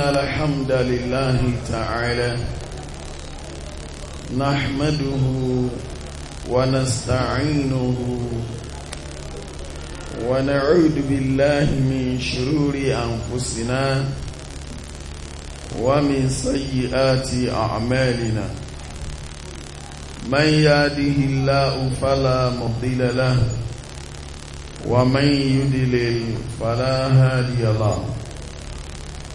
الحمد لله تعالى نحمده ونستعينه ونعوذ بالله من شرور أنفسنا ومن سيئات أعمالنا من يهده الله فلا مضل له ومن يدلل فلا هادي له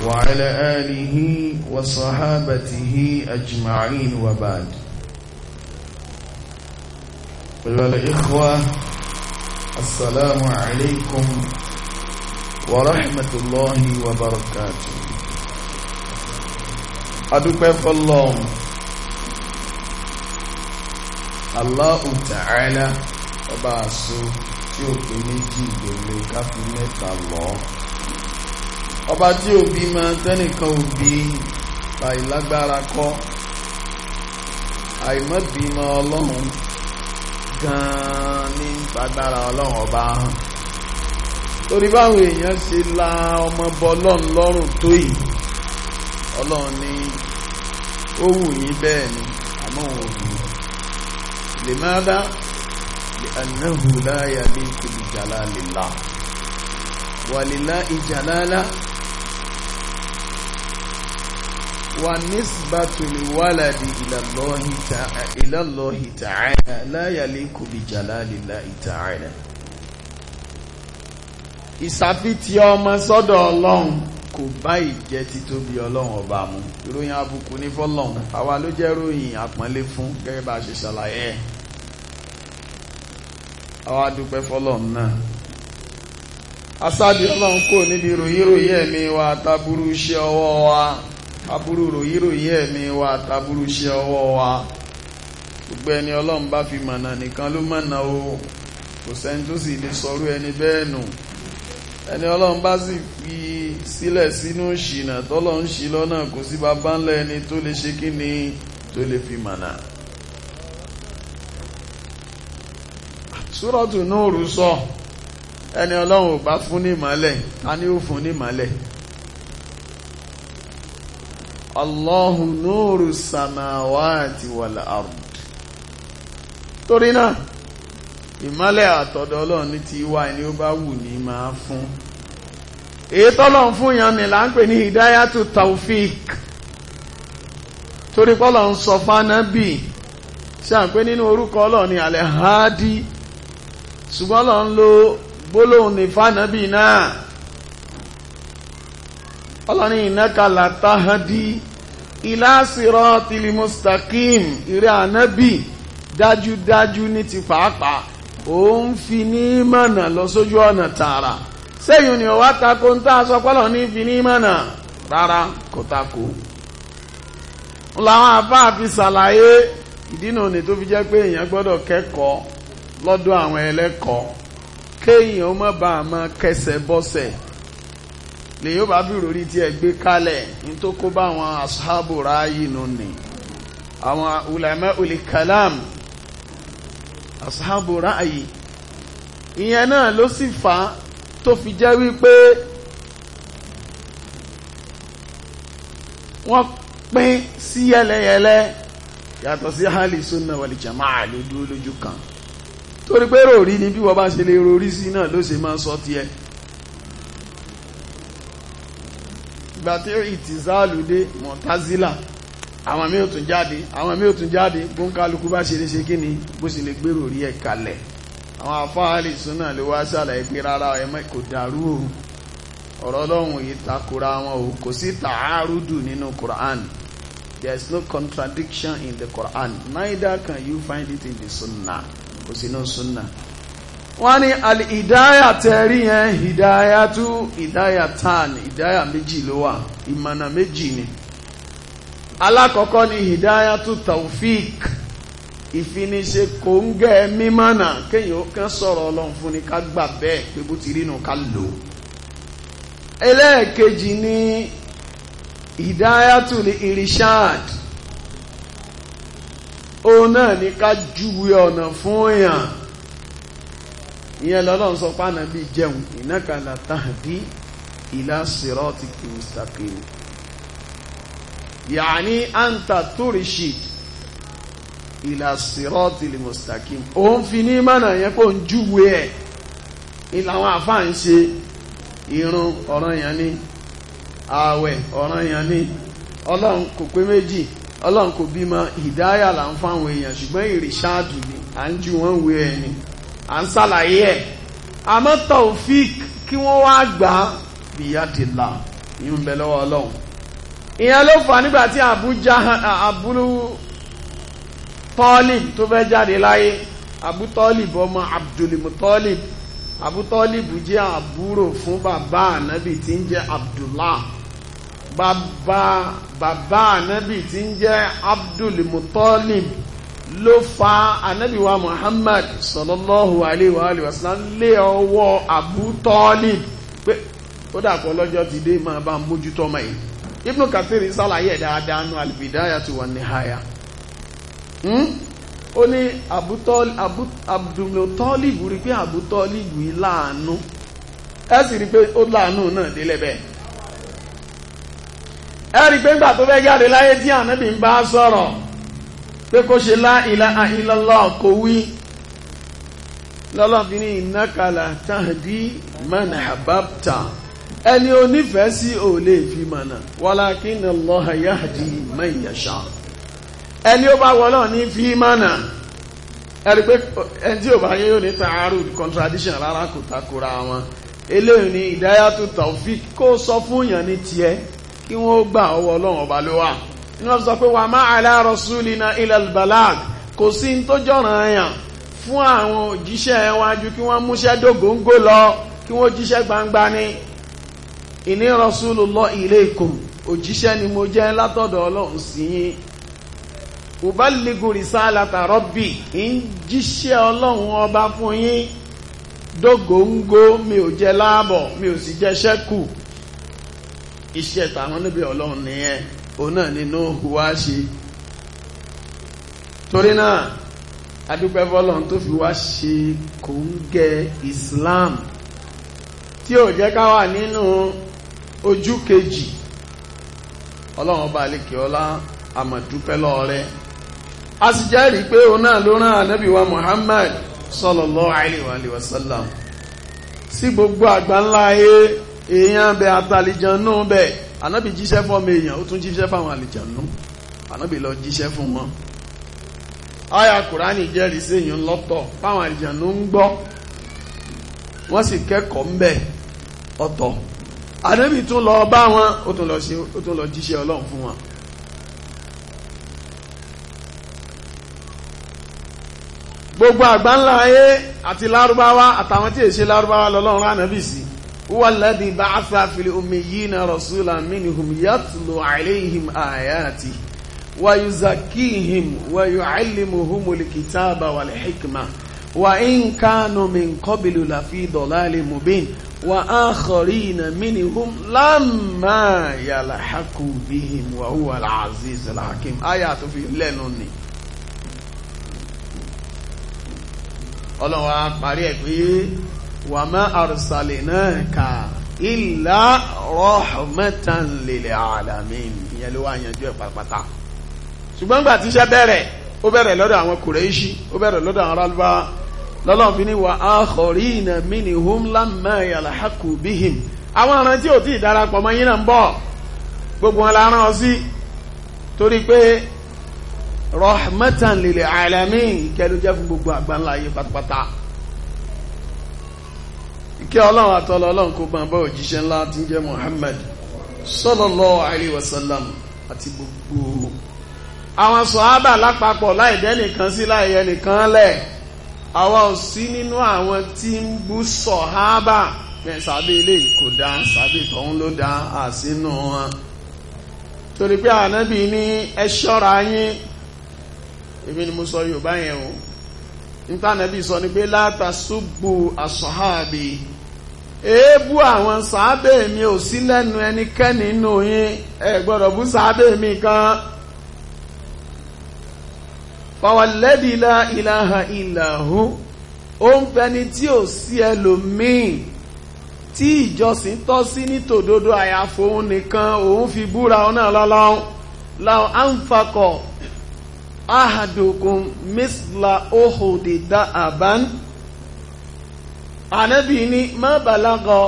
وعلى آله وصحابته أجمعين وبعد أيها السلام عليكم ورحمة الله وبركاته adúpẹ́ الله Allahu Ta'ala ọba àṣọ tí ó pè méjì ọba tí ò bí ma tẹ́nìkan ò bí àìlágbára kọ́ àìmọ́bímọ ọlọ́run gan-an ní agbára ọlọ́run ọba hàn torí báwọn èèyàn ṣe la ọmọ bọ ọlọ́run lọ́rùn tó yìí ọlọ́run ní ó wù yín bẹ́ẹ̀ ni àmọ́ òun ò lè má dá annahu la yaliku bi jalalillah wa lillahi jalala wà nisbatu li waladi ilallahi ta'ala la yaliqu bi jalalillahi ta'ala ìsàfitì ọmọ sọ́dọ̀ ọlọ́run kò bá ìjẹ́ títóbi ọlọ́run ọba mu ìròyìn àbùkù ní fọ́lọ́run àwa ló jẹ́ ròyìn àpọ́nlé fún gẹ́gẹ́ bá a ṣe ṣàlàyé ẹ̀ àwa dúpẹ́ fọ́lọ́run náà asáàdì ọlọ́run kò níbi ròyìn ròyìn ẹ̀mí wa tábúrú iṣẹ́ ọwọ́ wa aburú ròyíròyí ẹ̀mí wa àtàbúrú ṣe ọwọ́ wa gbogbo ẹni ọlọ́run bá fi mọ̀nà nìkan ló mọ̀nà o kò sẹ́ni tó sì lè sọrú ẹni bẹ́ẹ̀ nù ẹni ọlọ́run bá sì fi sílẹ̀ sínú ìṣìnà tọ́lọ́run ṣì lọ́nà kò sí bàbá ńlá ẹni tó lè ṣe kí ni tó lè fi mọ̀nà. súrọ́tù Núrù sọ ẹni ọlọ́run ò bá fún ní ìmọ̀lẹ̀ a ní ó fún ní ìmọ̀lẹ̀. Allahu nuru samawati wal ard. Torí náà, ìmọ́lẹ̀ àtọ̀dọ̀ Ọlọ́run ní ti wá ẹni ó bá wù ní máa fún. Èyí tọ́lọ́run fún yan ni là ń pè ní Hidayatu Taufik. Torí pọ́lọ́run sọ fánábì, ṣe à ń pè nínú orúkọ Ọlọ́run ní Ṣùgbọ́n lo ọlọ́ni ìnáka látàhádí ilá siratil mustaqim ìrẹ́ ànábì dájúdájú ní ti pàápàá ó ń fi ní mọ̀nà lọ sójú ọ̀nà tààrà sẹ́yìn ni ọwá tako ń tá a sọ pọ́lọ̀ ní fi ní mọ̀nà rárá kò tako làwọn àfáà fi ṣàlàyé ìdínà òní tó fi jẹ́ pé èèyàn gbọ́dọ̀ kẹ́kọ̀ọ́ lọ́dọ̀ àwọn ẹlẹ́kọ̀ọ́ kéèyàn ó má bàa máa kẹsẹ̀ bọ́sẹ̀ lè yóò bá bìrò rí tí ẹ gbé kalẹ̀ ní tó kó bá àwọn asáàbò ráyì nù ní àwọn ulama ul kalam asáàbò ráyì ìyẹn náà ló sì fà á tó fi jẹ́ wípé wọ́n pín sí yẹlẹyẹlẹ yàtọ̀ sí ahli sunna wal jamaa lójú lójú kan torí pé rò rí ni bí wọ́n bá ṣe lè rò rí sí náà ló ṣe máa sọ tiẹ̀ ìgbà tí ìtìzáàlù dé mọ̀tázílà àwọn mí ò tún jáde àwọn mí ò tún jáde bó ń kálukú bá ṣe léṣe kí ni bó sì lè gbèrò rí ẹ̀ kalẹ̀ àwọn afáàlì súnà ló wá ṣàlàyé pé rárá ẹmọ kò dàrú o ọ̀rọ̀ ọlọ́run yìí takora wọn o kò sí tààrùdù nínú Quran there is no contradiction in the Quran neither can you find it in the sunnah kò sí no sunnah wọ́n ní alìdáyà tẹ̀rí yẹn ìdáyà tú ìdáyà tán ìdáyà méjì ló wà ìmọ̀nà méjì ni alákọ̀ọ́kọ́ ni ìdáyà tú taufik ìfiniṣe kòńgẹ́ mímọ́nà kéèyàn ó kán sọ̀rọ̀ ọlọ́run fún ni ká gbà bẹ́ẹ̀ pé bó ti rí ká lò ó ẹlẹ́ẹ̀kejì ni ìdáyà tú ní irishad òun náà ni ká júwe ọ̀nà fún èèyàn ìyẹn lọ́lọ́run sọ pé ànábì jẹun innaka la tahdi ila siratikin mustaqim yàní anta turshid ila siratil mustaqim òun fi ní mọ́nà yẹn kó ń júwe ẹ̀ ìlànà àfáà ń ṣe irun ọ̀ràn yẹn ni ààwẹ̀ ọ̀ràn yẹn ni ọlọ́run kò pé méjì ọlọ́run kò bímọ ìdáyà là ń fáwọn èèyàn ṣùgbọ́n ìrìṣáàdù ni à ń ju wọ́n wé ẹni à ń ṣàlàyé ẹ̀ àmọ́ taofik kí wọ́n wá gbà á bìyàdìlà ìyún bẹ lọ́wọ́ ọlọ́run ìyẹn ló fà nígbà tí àbújá àbúrú tọ́lì tó fẹ́ jáde láyé àbútọ́lìb ọmọ abdulmutọ́lìb àbútọ́lìb jẹ́ àbúrò fún bàbá ànábì tí ń jẹ́ abdullah bàbá bàbá ànábì tí ń jẹ́ abdulmutọ́lìb ló fa anábìwá Muhammad sallallahu alayhi wa alayhi wa sallam lé ọwọ́ Abu Talib pé ó dàpọ̀ lọ́jọ́ ti dé máa bá mójútó ọmọ yìí Ibn Kathir sàlàyé dáadáa nu al-Bidayatu wa Nihaya hmm? ó ní Abdul Talib rí pé Abu Talib yìí láàánú ẹ sì rí pé ó láàánú náà délẹ̀ bẹ́ẹ̀ ẹ rí pé ńgbà tó fẹ́ jáde láyé tí ànábì ń bá sọ̀rọ̀ pé kó ṣe la ilaha illallah kó wí lọ́lọ́n fi ní ìnákàlà tàdí mọ́nà àbábtà ẹni o nífẹ̀ẹ́ sí ò lè fi mọ̀nà walakin Allah yahdi man yasha ẹni ó bá wọ́lọ́ ní fi mọ̀nà ẹni pé ẹni tí ò bá yẹ́ yóò ní ta'arud contradiction rárá kò takora wọn eléyìí ni ìdáyàtú tawfiq kó sọ fún yàn ní tiẹ̀ kí wọ́n gbà ọwọ́ ọlọ́run ọba ló wà ní wọ́n sọ pé wà má ala rasulina ilal balag kò sí tó jọ̀ràn àyàn fún àwọn òjíṣẹ́ wájú kí wọ́n múṣẹ́ dógóńgó lọ kí wọ́n jíṣẹ́ gbangba ní inni rasulullahi ilaykum òjíṣẹ́ ni mo jẹ́ látọ̀dọ̀ ọlọ́run sí yín ubaligu risalata rabbi ń jíṣẹ́ ọlọ́run ọba fún yín dógóńgó mi ò jẹ́ láàbọ̀ mi ò sì jẹ́ ṣẹ́kù iṣẹ́ tàwọn níbi ọlọ́run nìyẹn òun náà ni nóòhù wá ṣe torí náà adúpẹ́ fọ́lọ́run tó fi wá ṣe kòńgẹ́ Islam tí ò jẹ́ ká wà nínú ojú kejì ọlọ́run ọba àlekè ọlá àmọ̀dúpẹ́ lọ́ọ̀rẹ́ a sì jẹ́rìí pé òun náà ló rán ànábì wa Muhammad sọlọlọ alaihi wa sallam sí gbogbo àgbáńlá ayé èèyàn bẹ àtàlìjàn náà bẹ́ẹ̀. ànábì jíṣẹ́ fọ́mọ èèyàn ó tún jíṣẹ́ fáwọn àlìjànú ànábì lọ jíṣẹ́ fún mọ́ àyà kùránì jẹ́rìí sí èèyàn lọ́tọ̀ fáwọn àlìjànú ń gbọ́ wọ́n sì kẹ́kọ̀ọ́ ń bẹ̀ ọ̀tọ̀ ànábì tún lọ bá wọn ó tún lọ jíṣẹ́ ọlọ́run fún wọn. gbogbo àgbáńlá ayé àti lárúbáwá àtàwọn tí èsè lárúbáwá lọ́lọ́run ànábì sí i huwa alladhi ba'atha fil ummiyina rasulan minhum yatlu alayhim ayatihi wa yuzakkihim wa yu'allimuhumul kitaba wal hikma wa in kanu min qablu la fi dalalin mubin wa akharina minhum lamma yalhaqu bihim wa huwa al-aziz al-hakim aya tó fi lẹ́nu ni Ọlọ́run parí ẹ̀ pé wà má arsalnaka illa rahmatan lil alamin ìyẹn ló wá yanjú ẹ̀ pátápátá ṣùgbọ́n nígbà tí iṣẹ́ bẹ̀rẹ̀ ó bẹ̀rẹ̀ lọ́dọ̀ àwọn Kùrẹ́ṣì ó bẹ̀rẹ̀ lọ́dọ̀ àwọn aráàlúbá lọ́lọ́run fi ní wa akharina minhum lamma yalhaqu bihim àwọn ọ̀ràn tí ò tí ì darapọ̀ mọ́ yín náà ń bọ̀ gbogbo wọn la rán ọ sí torí pé rahmatan lil alamin ìkẹlú jẹ́ fún gbogbo àgbáńlá ayé pátápátá kí ọlọ́run àtọ́lọ́ ọlọ́run kó máa bá òjíṣẹ́ ńlá tí ń jẹ́ Muhammad sallallahu alaihi wasallam àti gbogbo àwọn sọ̀hábà lápapọ̀ láìdẹ́ nìkan sí láìyẹ nìkan lẹ̀ àwa ò sí nínú àwọn tí ń bú sọ̀hábà ẹ̀ sàbẹ̀ ilé kò dá sàbẹ̀ tọ̀hún ló dá àsínú wọn torí pé ànábì ní ẹ ṣọ́ra yín èmi ni mo sọ Yorùbá yẹn o nípa sọ ni pé látàṣubù àsọ̀hábì èébú àwọn sàábẹ̀ mi ò sí lẹ́nu ẹnikẹ́ni nínú yín ẹ gbọ́dọ̀ bú sàábẹ̀ mi kan fawalladhi la ilaha illa hu ó ń fẹni tí ò sí ẹlòmíì tí ìjọsìn tọ́ sí nítòdodo àyàfo òun nìkan òun fi búra ọ̀nà lọ́lọ́run láwọn àǹfàkọ̀ ahadukum misla ohun dìda àbán ànábì ní má bàlágọ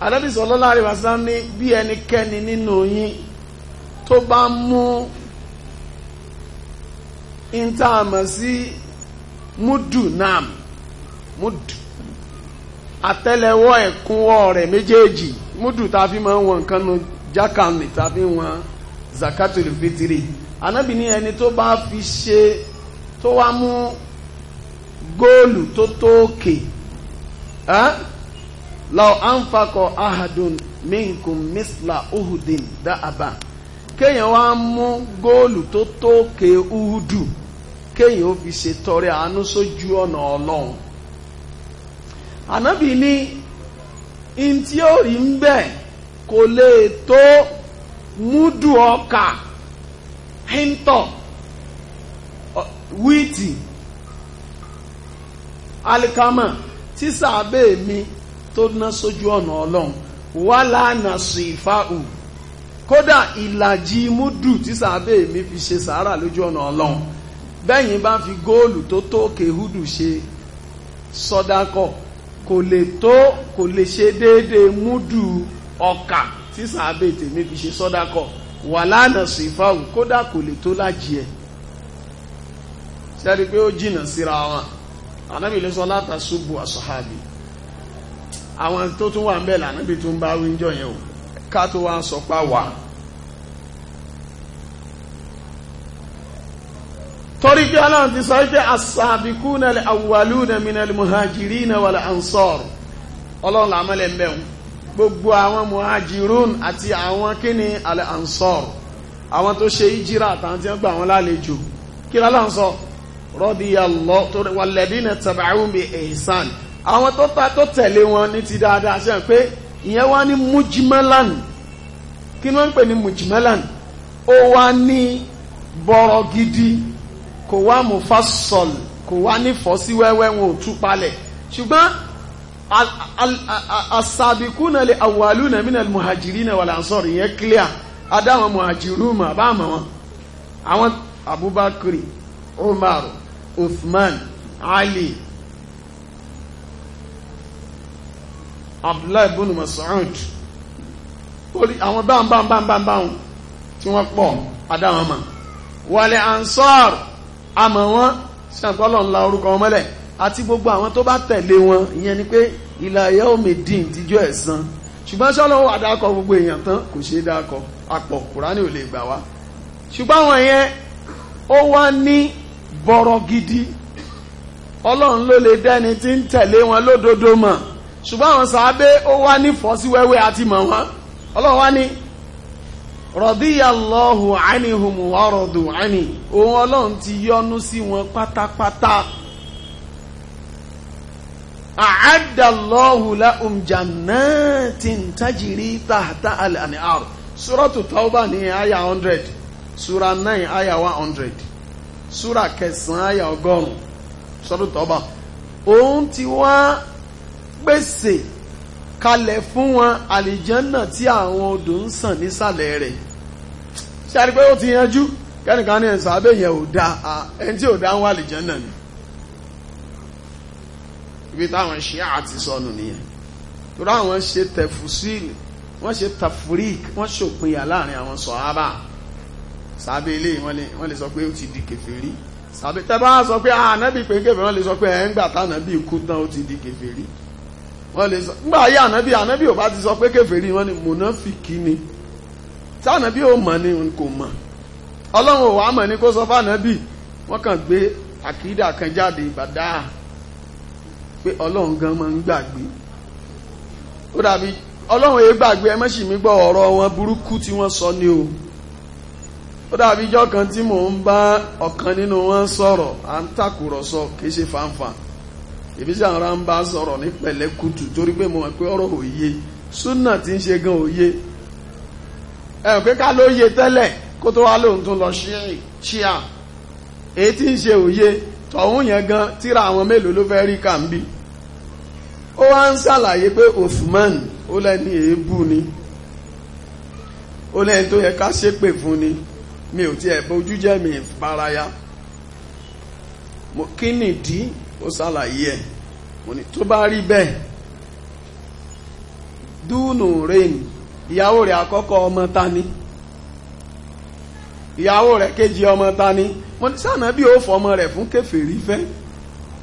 ànábì sallallahu alaihi wasallam ní bí ẹnikẹ́ni nínú yín tó bá mú ìntàmọ̀ sí múdù náà múdù àtẹ́lẹwọ́ ẹ̀kúnwọ́ rẹ̀ méjèèjì múdù tá a fi máa ń wọn nǹkan nu jákàndì tá a fi wọn zakatul fitiri ní ẹni tó bá fi ṣe tó wá mú góòlù tó tó òkè ahadun misla uhudin dáàbà kéèyàn wá mú góòlù tó tó òkè uhudu kéèyàn ó fi ṣe tọrẹ àánú sójú ọ̀nà ọlọ́run ànábì ní ó rí ń wíìtì alikama tí sàbẹ̀ mi tó ná sójú ọ̀nà ọlọ́run wà lánà sí ìfáhù kódà ìlàjì múdù tí sàbẹ̀ mi fi ṣe sàárà lójú ọ̀nà ọlọ́run bẹ́yìn bá fi góòlù tó tó kèhúdù ṣe sọ́dákọ̀ kò lè tó kò lè ṣe déédéé múdù ọkà tí sàbẹ̀ tèmi fi ṣe sọ́dákọ̀ wà lánà sí ìfáhù kódà kò lè tó lájì ẹ̀ tẹ́rí pé ó jìnà síra wọn ànábì ló sọ látàṣubù àṣọ́hábì àwọn tó tún wà ń bẹ̀ lànábì tó ń bá wíńjọ yẹn o ká tó wá ń sọ pa wà torí pé aláwọ̀ ti sọ pé àṣàbíkú nàlẹ̀ àwùwàlú nàmínàlẹ̀ mọ̀hájìrí nàwàlẹ̀ ansọ́r ọlọ́run làmọ́lẹ̀ ń bẹ̀rù gbogbo àwọn mọ̀hájìrún àti àwọn kíni àlẹ̀ ansọ́r àwọn tó ṣe ìjírà àtàwọn tí wọ́n gbà wọn lálejò kí lọ́lọ́run sọ radiyallahu walladina taba'uhum bi ihsan àwọn tó ta tó tẹ̀lé wọn ní ti dáadáa ṣe pé ìyẹn wá ní mujmalan kí ni wọ́n ń pè ní mujmalan ó wá ní bọ̀rọ̀ gidi kò wá mufassal kò wá ní fọ́síwẹ́wẹ́ wọn ò tú palẹ̀ ṣùgbọ́n asabikuna le awaluna minal muhajirina wal ansar ìyẹn clear adáwọn muhajirun mà bá àmọ́ wọn àwọn abubakar umar Uthman Ali Abdullahi ibn Mas'ud orí àwọn báńbáńbáńbáńbáń tí wọ́n pọ̀ adáwọn ma wàlẹ̀ ansar àmọ́ wọn ṣàtọ́lọ̀ ńlá orúkọ wọn mọ́lẹ̀ àti gbogbo àwọn tó bá tẹ̀lé wọn ìyẹn ni pé ìlàyẹ̀ omidin tíjọ́ ẹ̀san ṣùgbọ́n ṣọ́lọ́wọ́ àdákọ̀ gbogbo èèyàn tán kò ṣe é dákọ̀ àpọ̀ kùránì ò lè gbà wá ṣùgbọ́n àwọn yẹn ó wá ní bọ́rọ̀ gidi ọlọ́run ló lè dẹ́ni tí ń tẹ̀lé wọn lódodo mọ̀ ṣùgbọ́n àwọn sàábé ó wá ní fọ́síwẹ́wẹ́ àti mọ̀ wọn ọlọ́run wá ní rọ̀díyàlọ́hù ánìhùn wọ́rọ̀dù ánì òun ọlọ́run ti sí wọn pátápátá àlẹ́ ní àyà súrà kẹsàn-án àyà ọgọ́rùn-ún sọ́dún tọ́ba òun ti wá pèsè kalẹ̀ fún wọn àlìjánà tí àwọn odò ń sàn nísàlẹ̀ rẹ̀ ṣe àrí pé ó ti yanjú kẹ́nìkan ní ẹ̀sán abẹ́ yẹn ò da ẹni tí ò da ń wá àlìjánà ni ibi táwọn ṣe àti sọnù nìyẹn torí àwọn ṣe tẹfusíìlì wọ́n ṣe tafuríìkì wọ́n ṣòpinya láàrin àwọn sọ̀hábà. So sàbẹ̀ ilé wọ́n lè sọ pé ó ti di kèfèrí sàbẹ̀ tẹ́bá sọ pé ah, ànábì pé kèfèrí wọ́n lè sọ pé ẹ̀ ń gbà tánàbì kú tán ó ti di kèfèrí wọ́n lè sọ nígbà ayé ànábì ànábì ò bá ti sọ pé kèfèrí wọ́n ni mùnáfìkì ni tánàbì ò mọ̀ ni kò mọ̀ ọlọ́run ò wá mọ̀ ni kó sọ fánàbì wọ́n kàn gbé àkídà kan jáde ìbàdá pé ọlọ́run gan máa ń gbàgbé ó dàbí ọlọ́run èé gbàgbé ẹ mọ́sì mi gbọ́ ọ̀rọ̀ wọn burúkú tí wọ́n sọ ni o ó dàbí ijọ́ kan tí mò ń bá ọ̀kan nínú wọn sọ̀rọ̀ à ń tàkùrọ̀sọ kì í ṣe fàǹfà èmi sì ara ń bá sọ̀rọ̀ ní pẹ̀lẹ́kùtù torí pé mo mọ̀ pé ọ̀rọ̀ òye súnà tí ń ṣe gan òye ẹ̀ pé ká ló yé tẹ́lẹ̀ kó tó wá lóhun tó lọ ṣíà èyí tí ń ṣe òye tọ̀hún yẹn gan tíra àwọn mélòó ló fẹ́ rí kà ń bí ó wá ń ṣàlàyé pé Uthman ó lẹ́ni èébú ni ó lẹ́ni tó yẹ ká ṣépè fún ni mi ò tiẹ̀ bojú jẹ́ mi ìfaraya kí nìdí ó ṣàlàyé ẹ̀ mo ní tó bá rí bẹ́ẹ̀ dúnù rẹ́ni ìyàwó rẹ̀ àkọ́kọ́ ọmọ ta ni ìyàwó rẹ̀ kejì ọmọ ta ni mo ní sànà bí ó fọmọ rẹ̀ fún kèfèrí fẹ́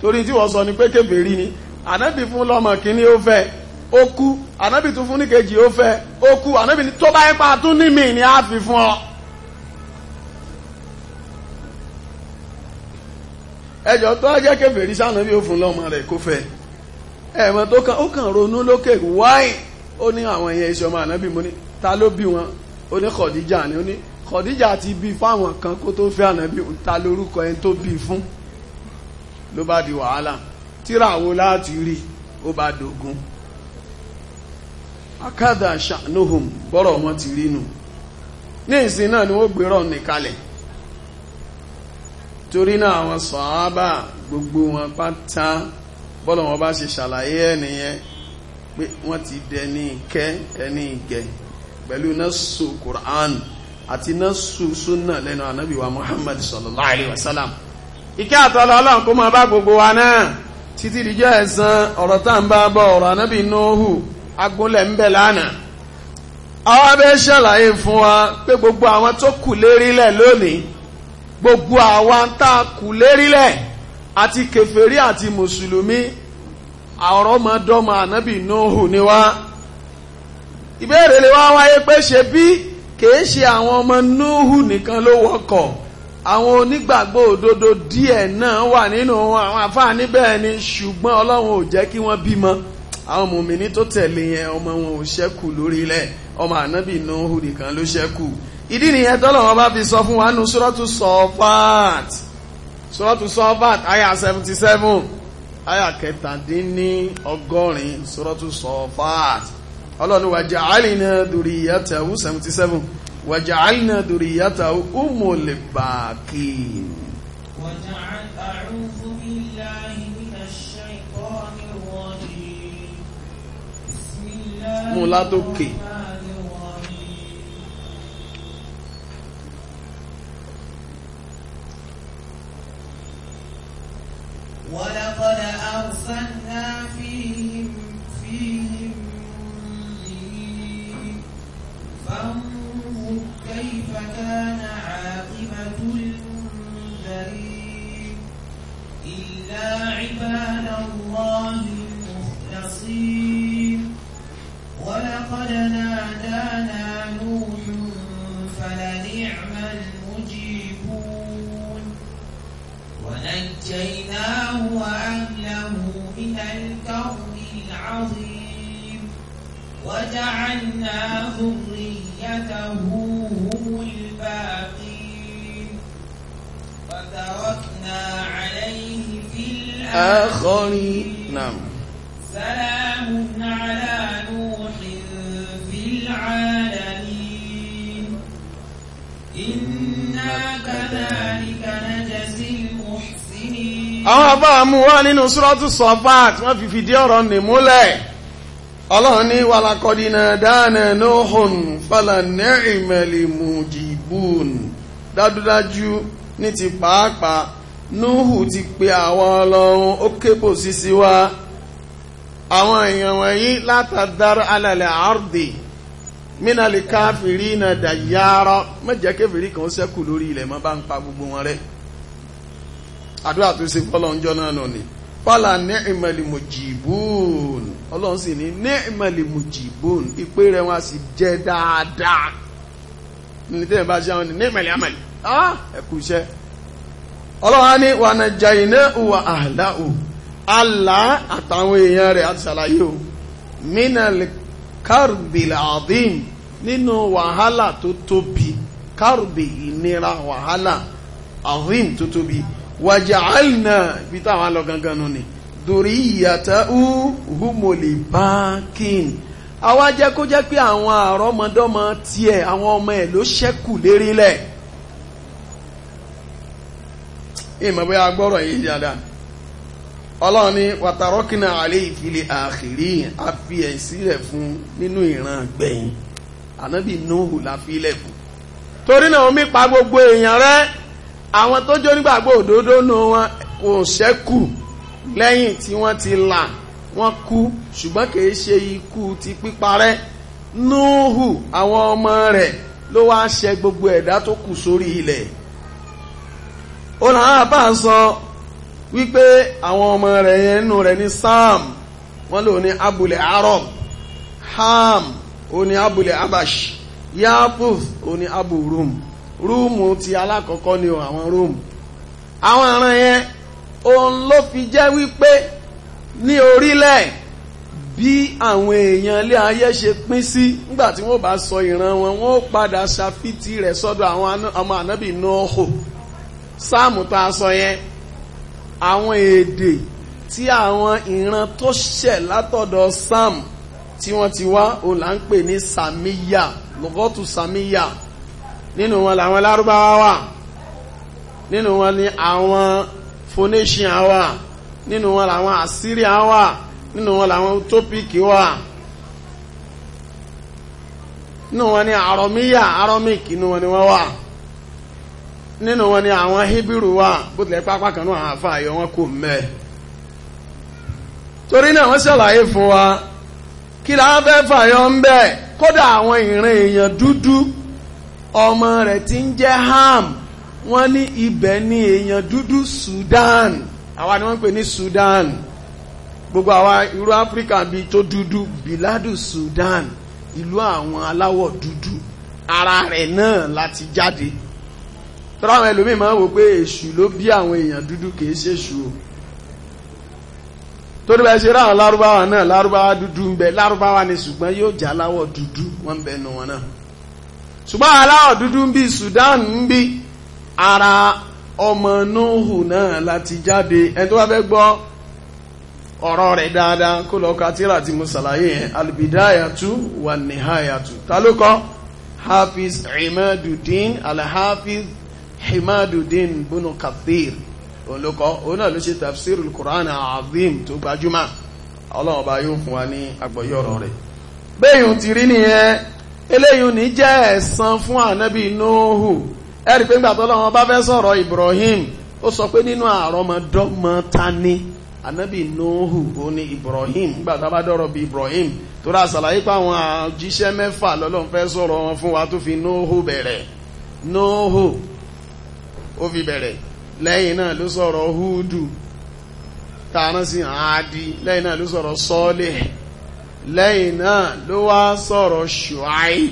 torí tí wọ́n sọ ni pé kèfèrí ni ànábì fún lọ́mọ kìíní ó fẹ́ ó kú ànábì tún fún ní kejì ó fẹ́ ó kú ànábì tó bá yẹ pa tún ní mi ni a fi fún ọ ẹjọ́ tó ajẹ́ kèfèrí sánà bí ó fún lọ́mọ rẹ̀ kó fẹ́ ẹ̀mọ́ tó kàn ó kàn ronú lókè wáì ó ní àwọn èèyàn iṣẹ́ ọmọ ànábì mo ní ta ló bí wọn ó ní kọ̀díjà ni ó ní kọ̀díjà ti bí fáwọn kan kó tó fẹ́ ànábì ta lórúkọ ẹni tó bí fún ló bá di wàhálà tíràwó láti rí ó bá dogun akádà ṣàánúhùn bọ́rọ̀ wọn ti rí nù ní ìsìn náà ni wọ́n gbérọ̀ nìkalẹ̀ torí náà àwọn gbogbo wọn pátá bọ́lọ̀ wọn bá ṣe ṣàlàyé ẹnìyẹn pé wọ́n ti dẹni ìkẹ́ ẹni ìgẹ̀ pẹ̀lú nọ́sù Qur'an àti nọ́sù súnà lẹ́nu ànábì wa Muhammad sallallahu alayhi wa sallam ike àtọ́lọ́ ọlọ́run kó máa bá gbogbo wa náà títí dìjọ́ ẹ̀san ọ̀rọ̀ tá ń bá bọ̀ ọ̀rọ̀ anabi ń bẹ̀ lánàá àwọn abẹ́ ṣàlàyé fún wa pé gbogbo àwọn tó kù lónìí gbogbo àwa tá a kù lérílẹ̀ àti kèfèrí àti mùsùlùmí àrọ́mọdọ́mọ ànábì nóhù ni wá ìbéèrè lè wá wáyé pé ṣe bí kìí ṣe àwọn ọmọ nóhù nìkan ló wọkọ̀ àwọn onígbàgbọ́ òdodo díẹ̀ náà wà nínú àwọn àfáàní bẹ́ẹ̀ ni ṣùgbọ́n ọlọ́run ò jẹ́ kí wọ́n bímọ àwọn mùmíní tó tẹ̀lé yẹn ọmọ wọn ò ṣẹ́kù lórílẹ̀ ọmọ ànábì nóhù nìkan ló ṣẹ́kù ìdí nìyẹn tọ́lọ́wọ́n bá fi sọ fún wa nù sọ́rọ́tù sọ́fàt sọ́rọ́tù sọ́fàt àyà seventy seven àyà kẹtàdínní ọgọ́rin sọ́rọ́tù sọ́fàt ọlọ́ni wàjà àlìna dùrí ìyàtà wù seventy seven wàjà àlìna dùrí ìyàtà wù mọ̀lẹ́bàkì. wàjà àrùn. ولقد أرسلنا فيهم فيهم منذرين فانظر كيف كان عاقبة المنذرين إلا عباد الله المخلصين ولقد نادانا نوح فلنعم المجيب ونجيناه وأهله من الكرب العظيم وجعلنا ذريته هم الباقين وتركنا عليه في الآخرين نعم àwọn afáàmù wá nínú súrọ́tù sọ́fà tí wọ́n fi fìdí ọ̀rọ̀ nì múlẹ̀ ọlọ́run ní wàlàkọ́dínà dáànà nóhùn fàlà nẹ́rìmẹ̀lì mùjìbùn dájúdájú ní ti pàápàá núhù ti pe àwọn ọlọ́run ó kébò sísí wá àwọn èèyàn wọ̀nyí látàdára alẹ́lẹ̀ àrùdì mínàlì káfìrí na dàyàrọ̀ mẹ́jẹ̀kẹ́fìrí kan sẹ́kù lórí ilẹ̀ mọ́ bá ń pa gbogbo wọn rẹ̀ àdúrà tó ṣe fọ́lọ́njọ́ náà nù ni fọ́là ní ìmọ̀lì mùjìbùn ọlọ́run sì ní ní ìmọ̀lì mùjìbùn ìpè rẹ̀ wọn sì jẹ́ dáadáa ní tẹ́lẹ̀ bá ṣe àwọn ní ìmọ̀lì àmọ̀lì ẹ̀kú iṣẹ́ ọlọ́run á ní wàhánà jàìnà ìwà àhàláhù àlá àtàwọn èèyàn rẹ̀ àti ṣàlàyé o mínàlì kárùbìlà àdín nínú wàhálà tó tóbi kárùbì ìnira wàhálà àdín tó tóbi wàjàálìnà ibi táwọn lọ gangan nù ni dorí ìyàtà húmọ̀lì bákìn àwa jẹ́ kó jẹ́ pé àwọn àrọ́mọdọ́mọ tiẹ̀ àwọn ọmọ ẹ̀ ló ṣẹ́kù lérílẹ̀ ìmọ̀ bóyá agbọ́rọ̀ yìí dáadáa ọlọ́run ni wàtàrọ́kìnà àlẹ́ ìfilẹ̀ àkìrí àfi ẹ̀sílẹ̀ fún nínú ìran gbẹ̀yìn ànábì nóhù la fi torí náà omi pa gbogbo èèyàn rẹ̀ àwọn tó jó nígbàgbọ́ òdodo nù wọn kò ṣẹ́kù lẹ́yìn tí wọ́n ti là wọ́n kú ṣùgbọ́n kìí ṣe ikú ti píparẹ́ núhù àwọn ọmọ rẹ̀ ló wá ṣe gbogbo ẹ̀dá tó kù sórí ilẹ̀ ó làwọn àbá sọ wípé àwọn ọmọ rẹ̀ yẹn nù rẹ̀ ní sam wọ́n lò ní abul arab ham ó ní abash yafuth ó ní abu rum rúùmù ti alákọ̀ọ́kọ́ ni àwọn rúùmù àwọn ìran yẹn òun ló fi jẹ́ wípé ní orílẹ̀ bí àwọn èèyàn ilé ayé ṣe pín sí nígbà tí wọ́n bá sọ ìran wọn wọ́n ó padà ṣàfitì rẹ̀ sọ́dọ̀ àwọn ọmọ ànábì nọ́ọ̀hò sáàmù tá a sọ yẹn àwọn èdè tí àwọn ìran tó ṣẹ̀ látọ̀dọ̀ sáàmù tí wọ́n ti wá òun là ń pè ní sàmíyà lọ́gọ́tù sàmíyà nínú wọn làwọn lárúbáwá wà nínú wọn ni àwọn phoenician wà nínú wọn làwọn assyria wà nínú wọn làwọn utopic wà nínú wọn ni aromiya aromic nínú wọn ni wọn wà nínú wọn ni àwọn hebrew wà bó tilẹ̀ pápá kan náà àfa àyọ wọn kò mẹ́ẹ̀ torí náà wọ́n ṣàlàyé fún wa kí la fẹ́ fàyọ ń bẹ́ẹ̀ kódà àwọn ìran èèyàn dúdú ọmọ rẹ̀ tí ń jẹ́ ham wọ́n ní ibẹ̀ ni èèyàn dúdú Sudan àwa ni wọ́n pè ní Sudan gbogbo àwa irú Áfíríkà bíi tó dúdú biladu Sudan ìlú àwọn aláwọ̀ dúdú ara rẹ̀ náà láti jáde tọ́rọ àwọn ẹlòmíì máa ń wò pé èṣù ló bí àwọn èèyàn dúdú kìí ṣe èṣù o torí bá ṣe rá lárúbáwá náà lárúbáwá dúdú ń bẹ lárúbáwá ni ṣùgbọ́n yóò jẹ́ aláwọ̀ dúdú wọ́n ń bẹ nu wọn náà ṣùgbọ́n aláwọ̀ ń Sudan ń bí ara ọmọ nóhù náà láti jáde ẹni tó bá fẹ́ gbọ́ ọ̀rọ̀ rẹ̀ dáadáa kó lọ ka tírà tí mo yẹn wa nihayatu ta ló kọ́ hafiz imaduddin alhafiz himaduddin bunu kathir òun òun náà ló ṣe azim tó gbajúmọ̀ yóò fún wa ní rẹ̀ bẹ́ẹ̀ yóò ti rí eléyìí ní jẹ́ ẹ̀san fún ànábì nóòhù ẹ̀rí pé nígbà tọ́lọ́wọ́n bá fẹ́ sọ̀rọ̀ Ibrahim ó sọ pé nínú àrọ́mọdọ́mọ tani ànábì nóòhù ó ní Ibrahim nígbà tá bá dọ̀rọ̀ bí Ibrahim tó rà sàlàyé pé àwọn àjíṣẹ́ mẹ́fà lọ́lọ́run fẹ́ sọ̀rọ̀ wọn fún wa tó fi nóòhù bẹ̀rẹ̀ nóòhù ó fi bẹ̀rẹ̀ lẹ́yìn náà ló sọ̀rọ̀ húdù tààrán sí àádì lẹ́yìn náà ló sọ̀rọ̀ sọ́ọ́lẹ̀ lẹ́yìn náà ló wá sọ̀rọ̀ Shuaib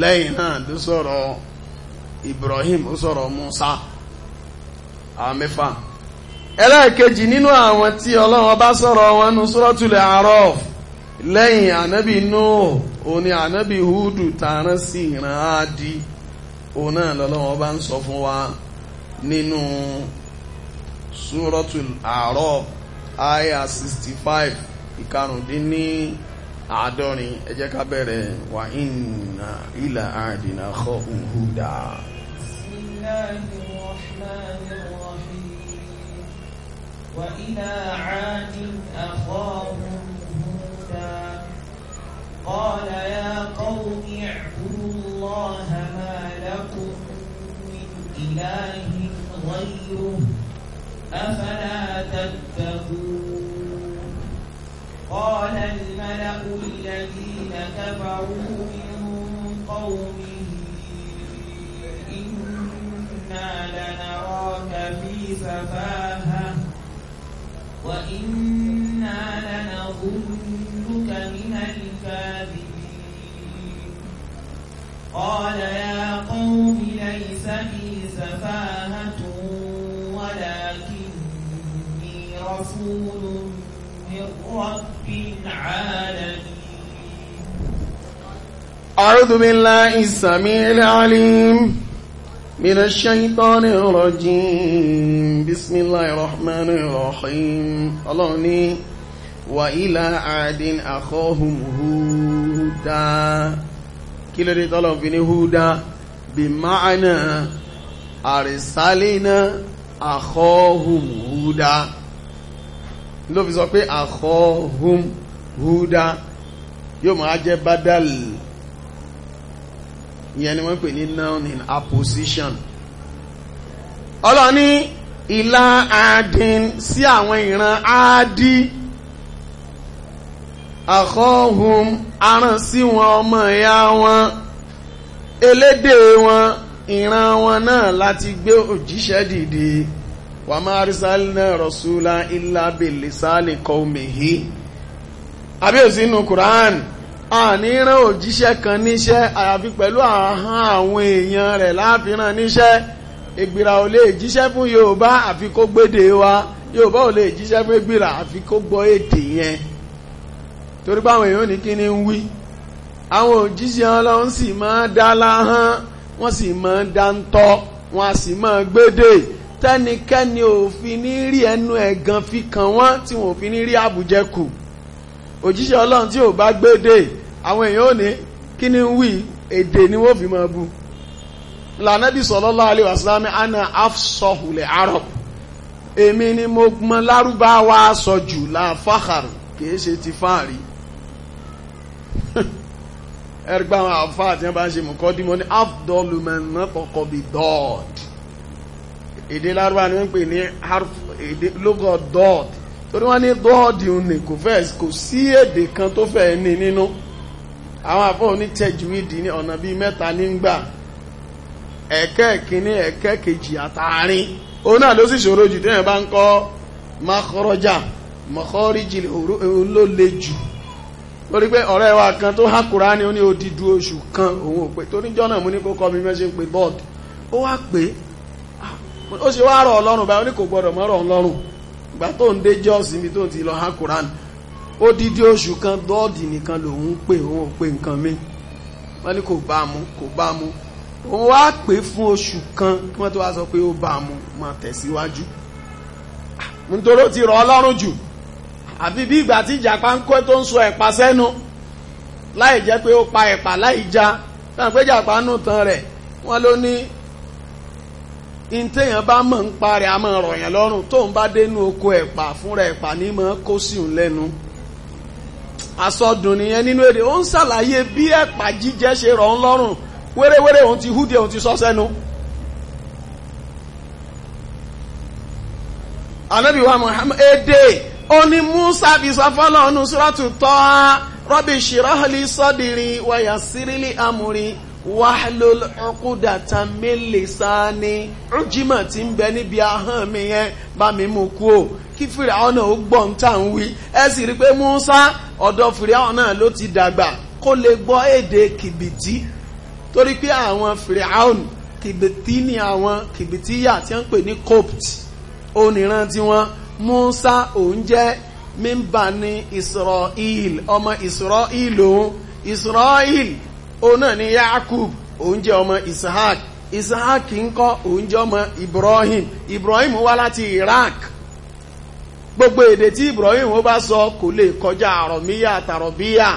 lẹ́yìn náà ló sọ̀rọ̀ Ibrahim ó sọ̀rọ̀ Musa àwọn mẹ́fà ẹlẹ́ẹ̀kejì nínú àwọn tí Ọlọ́run bá sọ̀rọ̀ wọn nú Suratul A'raf lẹ́yìn ànábì Nuh òun ni ànábì Hudu tààrán sí ìran áàdì òun náà lọ́lọ́wọ́ bá ń sọ fún wa nínú Suratul A'raf aya 65 ìkarùndínní àádọ́rin ẹ jẹ́ ká bẹ̀rẹ̀ wà ìnà ìlà àdìnà kọ́ òhúdà وإلى عاد أخاهم هودا قال يا قوم اعبدوا الله ما لكم من إله غيره أفلا تتقون قال الملأ الذين كفروا من قومه إنا لنراك في سفاهة وإنا لنظنك من الكاذبين قال يا قوم ليس بي سفاهة ولكني رسول من رب أعوذ بالله السميع العليم من الشيطان الرجيم بسم الله الرحمن الرحيم الله وإلى عاد أخاهم هودا كلا دي طلب بني هودا بمعنى أرسلنا أخاهم هودا ló fi sọ pé akhahum húdá yóò máa jẹ́ badal ìyẹn ni wọ́n pè ní noun in opposition? ọlọ́ni ìlà àdín sí àwọn ìran áádí àkọ́hùn aràn sí wọn ọmọ ìyá wọn elédè wọn ìran wọn náà láti gbé òjíṣẹ́ dìde wà máa rí sáàlì náà rọ̀súlá ilá bèlè sáàlì kọ́ọ̀mẹ̀hí abíòsí inú Quran a níran òjíṣẹ́ kan níṣẹ́ àyàfi pẹ̀lú àhán àwọn èèyàn rẹ̀ láàfihàn níṣẹ́ ègbìrà ò lè jíṣẹ́ fún Yorùbá àfi kó gbédè wa Yorùbá ò lè jíṣẹ́ fún ègbìrà àfi kó gbọ́ èdè yẹn torí báwọn èèyàn ní kí ni ń wí àwọn òjíṣẹ́ Ọlọ́run sì máa dá láhán wọ́n sì máa dá ń tọ́ wọ́n a sì máa gbédè tẹ́nikẹ́ni ò fi ní rí ẹnu ẹ̀gàn fi kàn wọ́n tí wọ́n ò fi ní rí àbùjẹ kù òjíṣẹ́ ọlọ́run tí ò bá gbédè àwọn èèyàn ò ní kí ni wí èdè ni wọ́n fi máa bu lànàbí sallallahu alaihi wasallam ana afsọ̀hùlẹ̀ arab èmi ni mo mọ lárúbáwá sọ jù láfàkàrù kìí ṣe ti fáàrí ẹgbẹ́ àwọn àfáà tí wọ́n bá ń ṣe mọ̀kọ́dí mo ní afdolumen náà kọ̀kọ́ bí dọ́ọ̀dì èdè lárúbá ni wọ́n ń pè ní èdè lógọ́ dọ́ọ̀d torí wọ́n ní dọ́ọ̀dì òní kò fẹ́ kò sí èdè kan tó fẹ́ ní nínú àwọn àfọwọ́ ní tẹ̀júwìdì ní ọ̀nà bíi mẹ́ta nígbà ẹ̀kẹ́ kìíní ẹ̀kẹ́ kejì àtàárín òun náà ló sì ṣòro jù téèyàn bá ń kọ́ makọ́rọ́jà mọ̀kọ́ríjì ló le jù lórí pé ọ̀rẹ́ wa kan tó hákùrá ní ó ní odidi oṣù kan òun ò pé torí jọ́nà mú ní kó kọ́ mi mẹ́ṣe ń bọ́ọ̀dù ó wá pé ó ṣe wá rọ̀ ọlọ́run báyìí ó ní kò gbọ́dọ̀ mọ́rọ̀ ọlọ́run ìgbà tó ń dé jọ́ọ̀sì ibi tó ti lọ ha koran ó dídí oṣù kan dọ́ọ̀dì nìkan lòun pè òun pè nǹkan mi wọ́n ní kò bá mu kò bá mu òun wá pè fún oṣù kan kí wọ́n tó wá sọ pé ó bá mu máa tẹ̀síwájú nítorí ó ti rọ̀ ọlọ́run jù àfi bí ìgbà tí ìjàpá ń kó tó ń sọ ẹ̀pà sẹ́nu láì jẹ́ pé ó pa ẹ̀pà láì já táwọn péjàpá nù tán rẹ̀ wọ́n ló ní ìtẹ̀yàn bá mọ̀ ń parẹ́ a máa rọ̀ yẹn lọ́rùn tó ń bá dénú oko ẹ̀pà fúnra ẹ̀pà ní mọ́ kó sí òun lẹ́nu àsọdùn nìyẹn nínú èdè ó ń ṣàlàyé bí ẹ̀pà jíjẹ ṣe rọ̀ ń lọ́rùn wéréwéré òun ti húdìẹ òun ti sọ sẹ́nu. ànábì wa Muhammad èdè ó Musa fi sọ fọlọ́ọ̀nù sírọ́tù tọ́ rọ́bì ṣìrọ́hìlì sọ́dìrì wọ̀yà sírìlì amúrin wahlul uqdatan min lisani ujima tí ń bẹ níbi ahọ́n mi yẹn bá mi mú kú o kí fìràwọ̀n náà ó gbọ́ ń tà ń wí ẹ sì rí i pé Musa ọ̀dọ̀ fìràwọ̀n náà ló ti dàgbà kó lè gbọ́ èdè kìbìtì torí pé àwọn fìràwọ̀n kìbìtì ni àwọn kìbìtìyà tí wọ́n ń pè ní copt oníran tí Musa òun jẹ́ mímbà ní Israel ọmọ Israel òun Israel òun náà ni Yakub òun jẹ́ ọmọ Isahak Isahak ńkọ́ òun jẹ́ ọmọ Ibrahim Ibrahim wá láti Iraq gbogbo èdè tí Ibrahim ó bá sọ kò lè kọjá àrọ̀míyà àtàrọ̀bíyà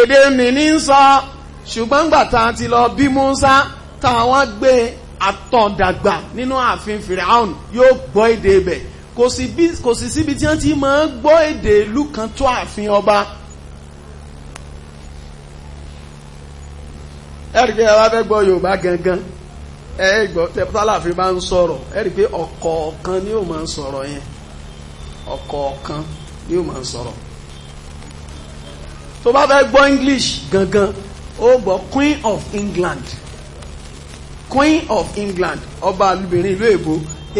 èdè mi ní ń sọ ṣùgbọ́n gbà tá ti lọ bí Musa táwọn gbé àtọ̀dàgbà nínú ààfin Firaun yóò gbọ́ èdè ibẹ̀ kò sì síbi tí wọ́n ti máa gbọ́ èdè ìlú kan tó ààfin ọba ẹ̀rí pé ẹwà fẹ́ gbọ́ Yorùbá gangan ẹ gbọ́ tẹ́pútàláàfin bá ń sọ̀rọ̀ ẹ̀rí pé ọ̀kọ̀ọ̀kan ni ó máa ń sọ̀rọ̀ yẹn ọ̀kọ̀ọ̀kan ni ó máa ń sọ̀rọ̀ tó bá fẹ́ gbọ́ English gangan ó gbọ́ Queen of England Queen of England ọba lóbìnrin ìlú èbó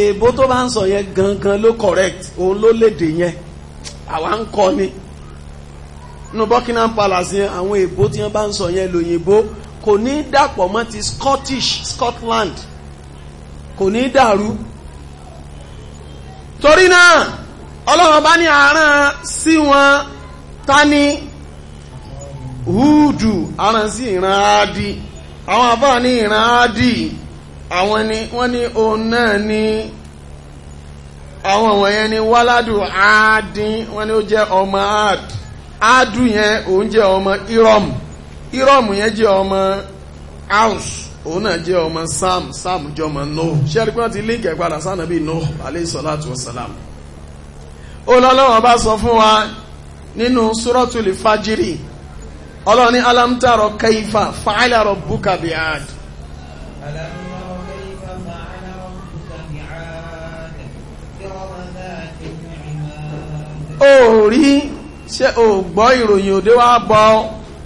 èbó tó bá ń sọ yẹn gangan ló correct òun ló lédè yẹn àwa ń kọ́ ni nínú Buckingham Palace yẹn àwọn èbó tí wọ́n bá ń sọ yẹn lòyìnbó kò ní dàpọ̀ mọ́ ti Scottish Scotland kò ní dàrú torí náà ọlọ́run bá ní àárán sí wọn ta ni húdù àárán sí ìran áádì àwọn àbá ní ìran áádì àwọn ni wọ́n ní òun náà ni àwọn wọ̀nyẹn ni wáládù áádì wọ́n ní ó jẹ́ ọmọ áádù áádù yẹn òun jẹ́ ọmọ Irom irọ́mù yẹn jẹ́ ọmọ aus òun náà jẹ́ ọmọ sam sam jẹ́ ọmọ no ṣẹ́rí pé wọ́n ti líǹkì ẹ̀ padà sánàbí no alayhi salatu wassalam olọ́lọ́wọ́ bá sọ fún wa nínú suratul fajiri ọlọ́ni alam tara kaifa fa'ala rabbuka bi'ad ó rí ṣe ò gbọ́ ìròyìn òde wá bọ́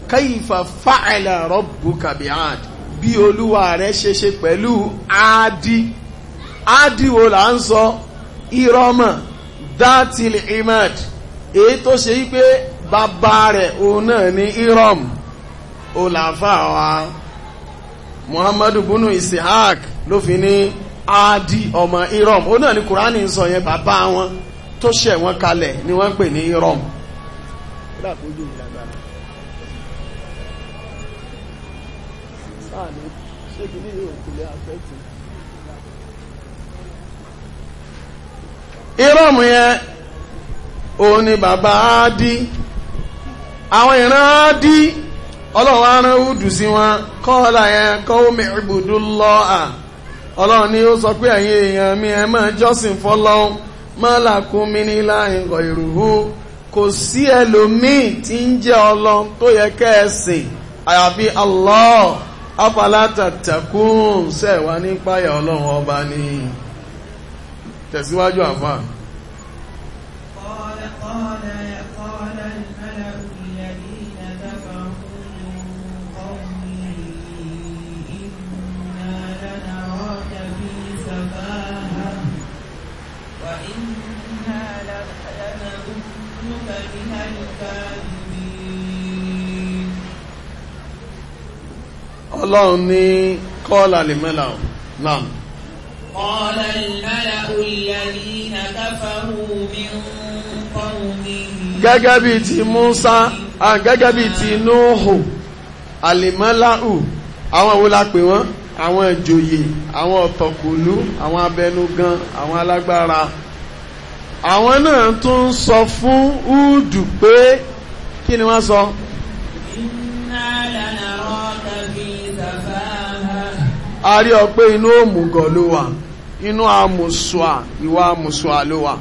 kaifa fa'ala rabbuka bi'ad bí olúwa rẹ̀ ṣe ṣe pẹ̀lú adi adi wo là ń sọ irọ́mọ̀ datil imad èyí tó ṣe wípé bàbá rẹ̀ òun náà ní irọ́m olàfà wa muhammadu bunu isihaq ló fi ní adi ọmọ irọ́m òun náà ní kùránì ń sọ yẹn bàbá wọn tó ṣẹ̀ ni wọ́n ń pè ní irọ́m. kíní yóò irọ́mù yẹn òun ni bàbá á dí àwọn ìran á dí ọlọ́run á rán údù sí wọn kọ́ọ̀lá yẹn kọ́ọ̀mì ìbùdó lọ́à ọlọ́run ni ó sọ pé ẹ̀yin èèyàn mi ẹ máa jọ́sìn mi ní láìkọ̀ ìrùhú kò sí ẹlòmíì tí ń jẹ́ ọlọ́run tó yẹ kẹ́ ẹ sìn àyàfi afalatatakun sẹ́wà ní páyà ọlọ́run ọba ni tẹ̀síwájú àfáà. Qala qala ọlọ́run ní kọ́ọ̀lá lè mẹ́lá ọ̀ náà. قال الملأ الذين كفروا من قومه gẹ́gẹ́ bí ti Musa gẹ́gẹ́ bí ti Nuhu alimọ́láhù àwọn wo la pè wọ́n àwọn ìjòyè àwọn ọ̀tọ̀kùlú àwọn abẹnugan àwọn alágbára àwọn náà tún sọ fún Húdù pé kí ni wọ́n sọ a rí ọ pé inú òmùgọ̀ ló wà inú àmùsùà ìwà àmùsùà ló wà